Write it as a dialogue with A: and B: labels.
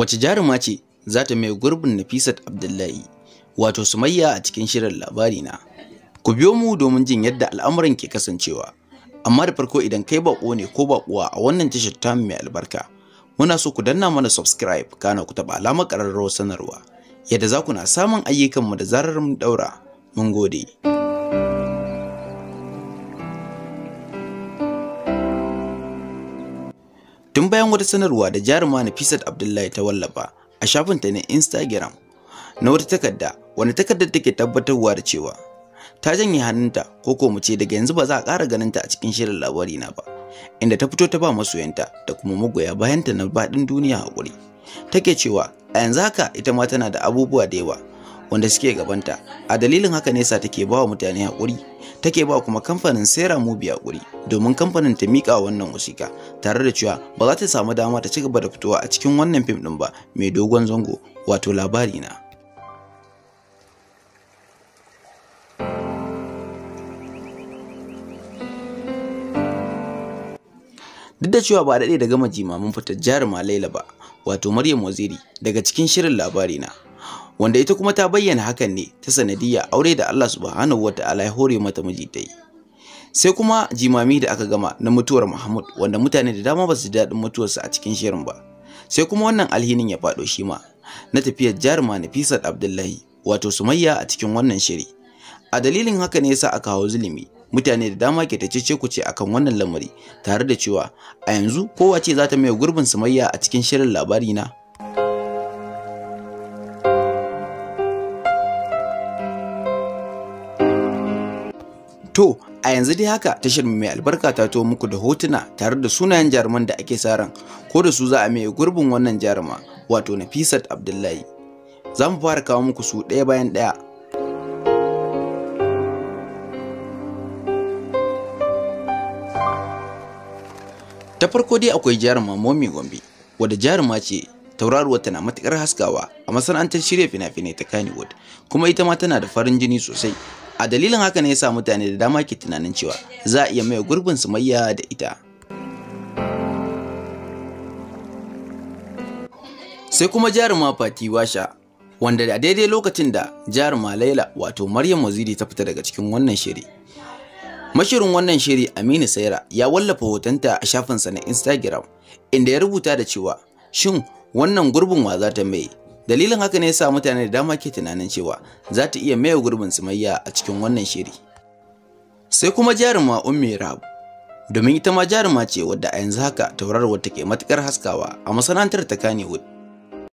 A: Wace jaruma ce za ta mai gurbin Nafisat Abdullahi, wato Sumayya a cikin shirin labari na. Ku biyo mu domin jin yadda al'amuran ke kasancewa. Amma da farko idan kai baƙo ne ko baƙuwa a wannan tashar ta mai albarka, muna so ku danna mana subscribe kana ku taɓa alamar ƙararrawar sanarwa, yadda za ku na samun ayyukanmu da zarar mun daura. Mun gode. bayan wata sanarwa da jaruma Nafisat Abdullahi ta wallafa a shafinta na Instagram na wata takarda wani takardar take tabbatarwa da cewa ta janye hannunta ko ko mu ce daga yanzu ba za a ƙara ganinta a cikin shirin labari na ba inda ta fito ta ba masoyanta da kuma magoya bayanta na baɗin duniya hakuri take cewa a yanzu haka ita ma tana da abubuwa da yawa wanda suke gabanta a dalilin haka nesa take ba wa mutane haƙuri take ba kuma kamfanin sera mubi haƙuri domin kamfanin ta miƙa wannan wasiƙa tare da cewa ba za ta samu dama ta ci gaba da fitowa a cikin wannan fim ɗin ba mai dogon zango wato labari na duk da cewa ba daɗe da gama jimamin fitar jaruma laila ba wato maryam waziri daga cikin shirin labari na wanda ita kuma ta bayyana hakan ne ta sanadiyya aure da Allah subhanahu wata'ala ya hore mata miji ta yi sai kuma jimami da aka gama na mutuwar Muhammad wanda mutane da dama ba su ji daɗin mutuwarsa a cikin shirin ba sai kuma wannan alhinin ya faɗo shi ma na tafiyar jaruma Nafisat Abdullahi wato Sumayya a cikin wannan shiri a dalilin haka ne yasa aka hawo zulumi mutane da dama ke ta cece ce akan wannan lamari tare da cewa a yanzu kowa ce za ta mai gurbin Sumayya a cikin shirin labari na To, a yanzu dai haka tashar mai albarka ta to muku da hotuna tare da sunayen jaruman da ake sa ran ko da su za a mai gurbin wannan jaruma wato Nafisat Abdullahi. Za mu fara kawo muku su ɗaya bayan ɗaya ta farko dai akwai jaruma momi gombe wadda jaruma ce tauraruwa tana matuƙar haskawa a masana'antar shirya fina-finai ta kannywood kuma ita ma tana da farin jini sosai a dalilin haka ne ya sa mutane da dama ke tunanin cewa za a iya maye gurbin sumayya da ita sai kuma jaruma fati washa wanda a daidai lokacin da jaruma laila wato maryam waziri ta fita daga cikin wannan shiri mashirin wannan shiri aminu saira ya wallafa hotonta a shafinsa na instagram inda ya rubuta da cewa shin wannan gurbin wa za ta mai Dalilin haka ne sa mutane da dama ke tunanin cewa za ta iya maye gurbin Sumayya a cikin wannan shiri. Sai kuma jaruma Ummi Rahab. Domin ita ma jaruma ce wadda a yanzu haka wata take matukar haskawa a masana'antar ta Kannywood.